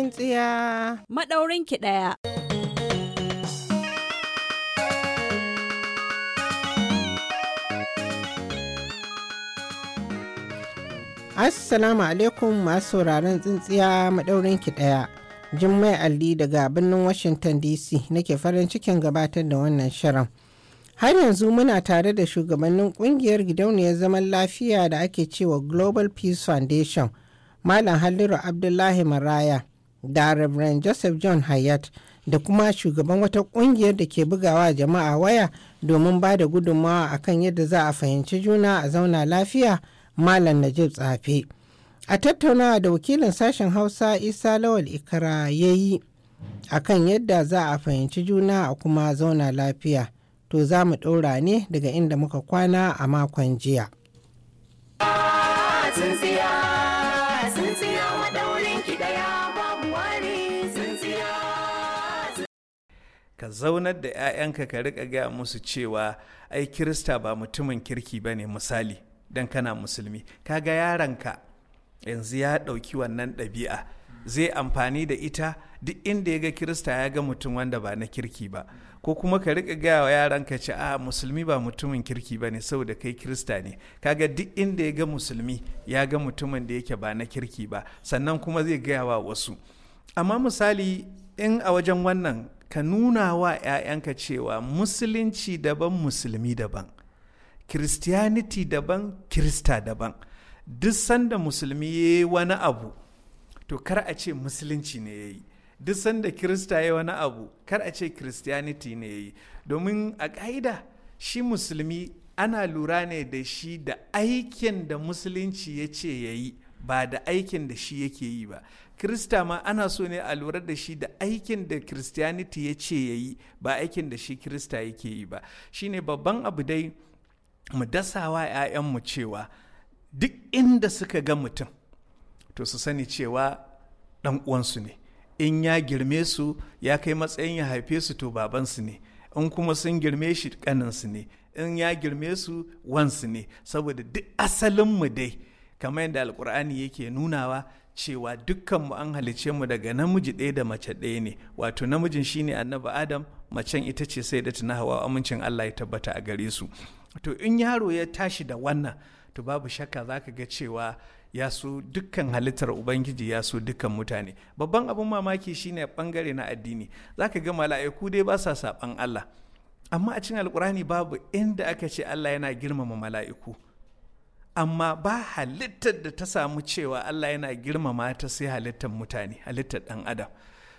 tsintsiya Maɗaurin ki ɗaya. Assalamu alaikum masu sauraron tsintsiya maɗaurin ki ɗaya. Jummai Ali daga birnin Washington DC nake farin cikin gabatar da wannan shirin. Har yanzu muna tare da shugabannin kungiyar gidauniyar zaman lafiya da ake cewa Global Peace Foundation, Malam Halliru Abdullahi Maraya da Reverend Joseph John Hayat da kuma shugaban wata kungiyar da ke bugawa jama'a waya domin ba da gudunmawa akan yadda za a fahimci juna a zauna lafiya Malam Najib Tsafe. A tattaunawa da wakilin sashen Hausa Isa Lawal Ikara ya yi akan yadda za a fahimci juna a kuma zauna lafiya. To za mu ɗora ne daga inda muka kwana a makon jiya. ki daya ka zaunar da 'ya'yanka ka riƙa gaya musu cewa ai kirista ba mutumin kirki ba ne misali don kana musulmi kaga yaranka yanzu ya ɗauki wannan ɗabi'a zai amfani da ita duk inda ya ga kirista ya ga mutum wanda ba na kirki ba ko kuma ka riƙa gaya wa yaranka ce a musulmi ba mutumin kirki ba ne saboda kai kirista ne kaga duk inda ya ga musulmi ya ga mutumin da yake ba na kirki ba sannan kuma zai gaya wa wasu amma misali in a wajen wannan ka nuna wa 'ya'yanka cewa musulunci daban musulmi daban christianity daban kirista daban duk sanda musulmi ya yi wani abu to kar a ce musulunci ne ya yi duk sanda kirista ya wani abu kar a ce christianity ne ya yi domin a ƙa'ida shi musulmi ana lura ne da shi da aikin da musulunci ya ce ya yi ba da aikin da shi yake yi ba krista ma ana so ne a lura da shi da aikin da christianity ya ce ya yi ba aikin da shi krista yake yi ba shi ne babban abu dai mu dasawa 'ya'yanmu cewa duk inda suka ga mutum to su sani cewa ɗan uwansu ne in ya girme su ya kai matsayin ya haife su to babansu ne in kuma sun girme shi kaninsu ne in ya girme su wansu ne saboda duk asalinmu dai kamar yadda alkur'ani yake nunawa cewa dukkanmu an halice mu daga namiji ɗaya da mace ɗaya ne wato namijin shine annabi adam macen ita ce sai da tuna hawa amincin allah ya tabbata a gare su to in yaro ya tashi da wannan to babu shakka za ka ga cewa ya so dukkan halittar ubangiji ya so dukkan mutane babban abin mamaki shine bangare na addini za ka ga mala'iku dai ba sa saɓan allah amma a cikin alkurani babu inda aka ce allah yana girmama mala'iku amma ba halittar da ta samu cewa Allah yana girmama ta sai halittar mutane halittar ɗan adam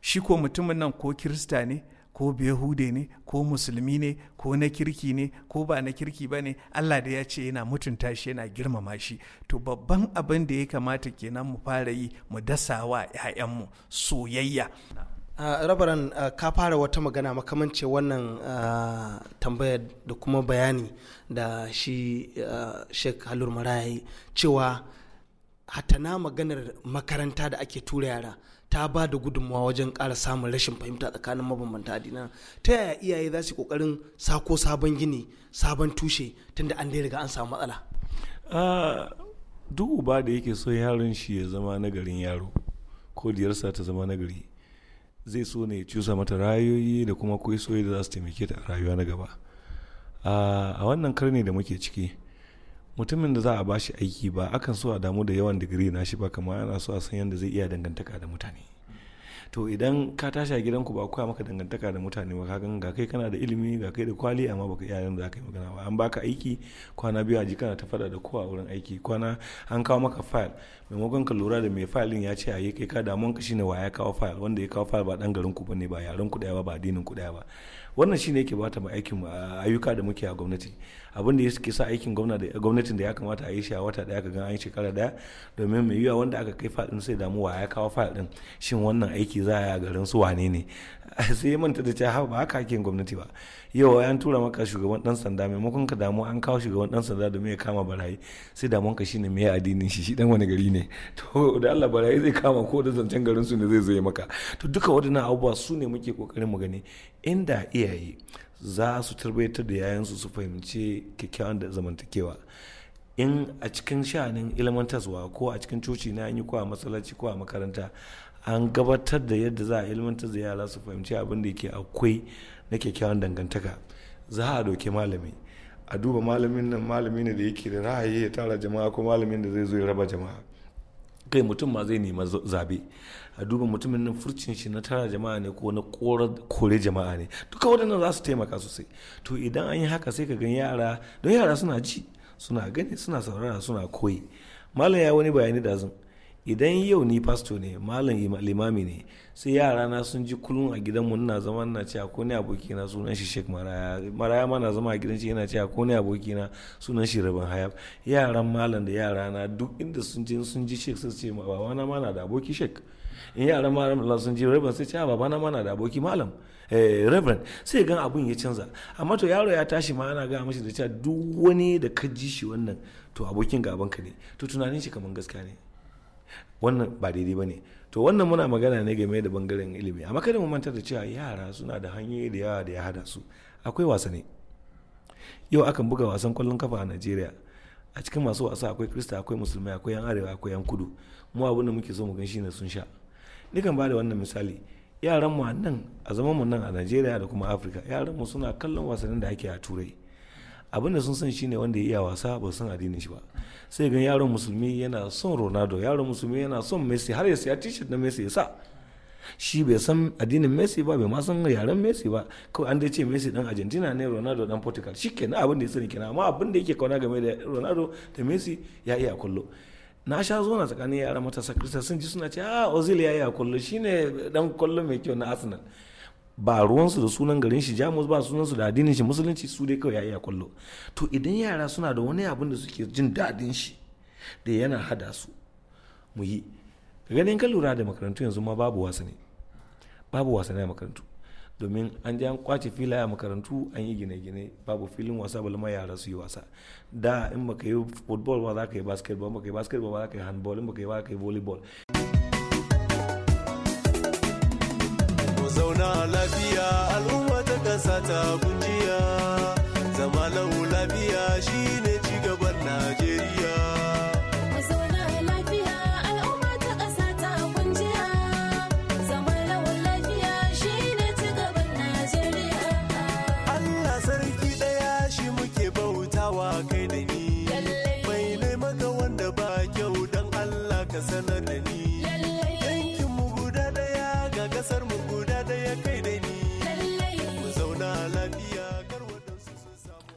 shi ko mutumin nan ko kirista ne ko behude ne ko musulmi ne ko na kirki ne ko ba na kirki ba ne Allah da ya ce yana mutunta shi yana girmama shi to babban abin da ya kamata kenan mu fara yi mu dasawa 'ya'yanmu soyayya rabaran ka fara wata magana makamance wannan tambayar da kuma bayani da shi sheik halur marayi cewa hatana maganar makaranta da ake tura yara ta ba da gudunmawa wajen kara samun rashin fahimta tsakanin mabambanta adina ta yaya iyaye za su ƙoƙarin sako sabon gini sabon tushe tunda an dai riga an samu matsala duk uba da yake so yaron shi ya zama nagarin yaro ko diyarsa ta zama nagari zai so ne cusa mata rayoyi da kuma akwai soyi da za su taimake ta a rayuwa na gaba a wannan karni da muke ciki mutumin da za a bashi aiki ba akan so a damu da yawan digiri na shi ba kamar ana so a san yadda zai iya dangantaka da mutane to idan ka tashi a gidanku ba koya maka dangantaka da mutane ba kagan ga kai kana da ilimi ga kai da kwali amma baka iya yin da zaka yi magana ba an baka aiki kwana biyu a jikana ta fada da kowa wurin aiki kwana an kawo maka file maimakon ka lura da mai file ya ce a yi kai ka damuwan ka shine wa ya kawo file wanda ya kawo file ba dan garin ku bane ba yaran ku daya ba ba addinin ku daya ba wannan shine yake bata mu aikin ayyuka da muke a gwamnati abin da yake sa aikin gwamnatin da ya kamata a yi shi a wata daya ka gan an yi shekara daya domin mai yiwa wanda aka kai fadin sai damuwa ya kawo fadin shin wannan aiki za a yi a garin su wane ne sai ya manta da cewa ba haka ake gwamnati ba yau an tura maka shugaban dan sanda maimakon ka damu an kawo shugaban dan sanda da ya kama barayi sai damun ka shine mai addinin shi shi dan wani gari ne to da Allah barayi zai kama ko da zancen garin su ne zai zo maka to duka waɗannan abubuwa su ne muke kokarin mu gani inda iyaye za su tarbatar da yayan su su fahimci kyakkyawan da zamantakewa in a cikin sha'anin ilmantarwa ko a cikin coci na yi ko a masallaci ko a makaranta an gabatar da yadda za a ilmantar da yara su fahimci abin da yake akwai na kyakkyawan dangantaka za a doke malami a duba malamin nan malami ne da yake da ra'ayi ya tara jama'a ko malamin da zai zo ya raba jama'a kai mutum ma zai nema zabe a duba mutumin nan furcin shi na tara jama'a ne ko na kore jama'a ne duka waɗannan za su taimaka sosai to idan an yi haka sai ka gan yara don yara suna ji suna gani suna saurara suna koyi malam ya wani bayani da zan idan yau ni pasto ne malam limami ne sai yara na sun ji kullum a gidanmu na zama na ce ko ne aboki na sunan shi shek Maraya Maraya ma na zama a gidan shi yana ce ko ne aboki na sunan shi Rabin Hayab yaran malam da yara na duk inda sun ji sun ji shek sai ce baba na ma na da aboki shek in yaran malam Allah sun ji Rabin sai ce baba na ma na da aboki malam eh rabin sai gan abun ya canza amma to yaro ya tashi ma ana ga mishi da cewa duk wani da ka ji shi wannan to abokin gaban ka ne to tunanin shi kaman gaskiya ne wannan ba daidai ba ne to wannan muna magana ne game da bangaren ilimi amma kada mu manta da cewa yara suna da hanyoyi da yawa da ya hada su akwai ne yau akan buga wasan kwallon kafa a najeriya a cikin masu wasa akwai krista akwai musulmai akwai yan arewa akwai yan kudu mu abin da muke so mu gan shine sun sha nikan ba da wannan misali yaran mu nan a zaman mu nan a najeriya da kuma afirka yaran mu suna kallon wasannin da ake a turai abinda sun san shine wanda ya iya wasa ba san addinin shi ba sai gan yaron musulmi yana son ronaldo yaron musulmi yana son messi har ya siya t na messi ya sa shi bai san addinin messi ba bai ma san yaren messi ba kawai an da ce messi dan argentina ne ronaldo dan portugal shi kenan abin da ya sani kenan amma abin da yake kauna game da ronaldo da messi ya iya kullo na sha zo tsakanin yara matasa kirista sun ji suna ce a ah, ozil ya iya kullo shine dan kullo mai kyau na arsenal ba ruwansu da sunan garin shi jamus ba sunansu da addinin shi musulunci su dai kawai ya iya kwallo to idan yara suna da wani abin da suke jin daɗin shi da yana hada su mu yi ganin ka lura da makarantu yanzu ma babu wasanni babu wasanni a makarantu domin an je an kwace filaye a makarantu an yi gine-gine babu filin wasa balma yara su yi wasa da in baka yi football ba za ka yi basketball ba ka yi basketball ba za ka yi handball in baka yi ba ka yi volleyball lafiya al'umma ta kasa ta gunji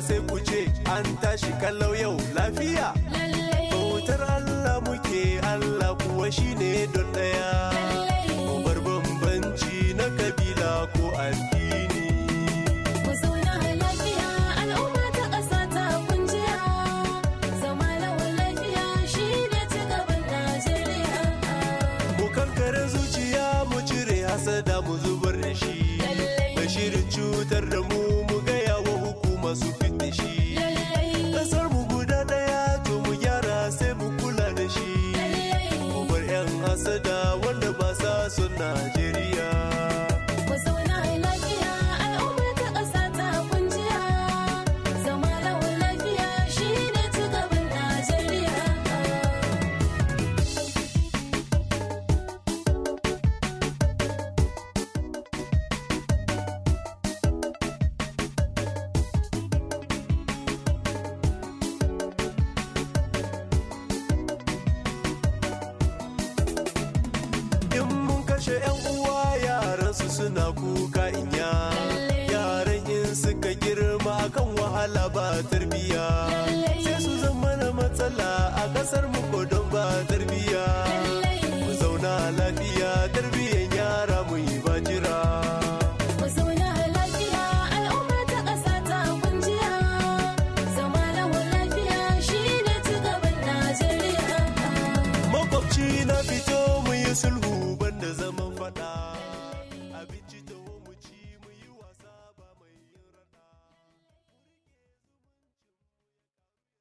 sai ku ce an tashi kallau yau lafiya. Bautar Allah muke Allah kuwa shine ne don ɗaya. Bar bambanci na kabila ko addini. zuciya mu cire hasada mu zubar da shi. Bashirin cutar da mu mu gaya wa hukuma su yaushe yan uwa yaran su suna kuka inya yaran in suka girma kan wahala ba tarbiya sai su zama na matsala a kasar mu don ba tarbiya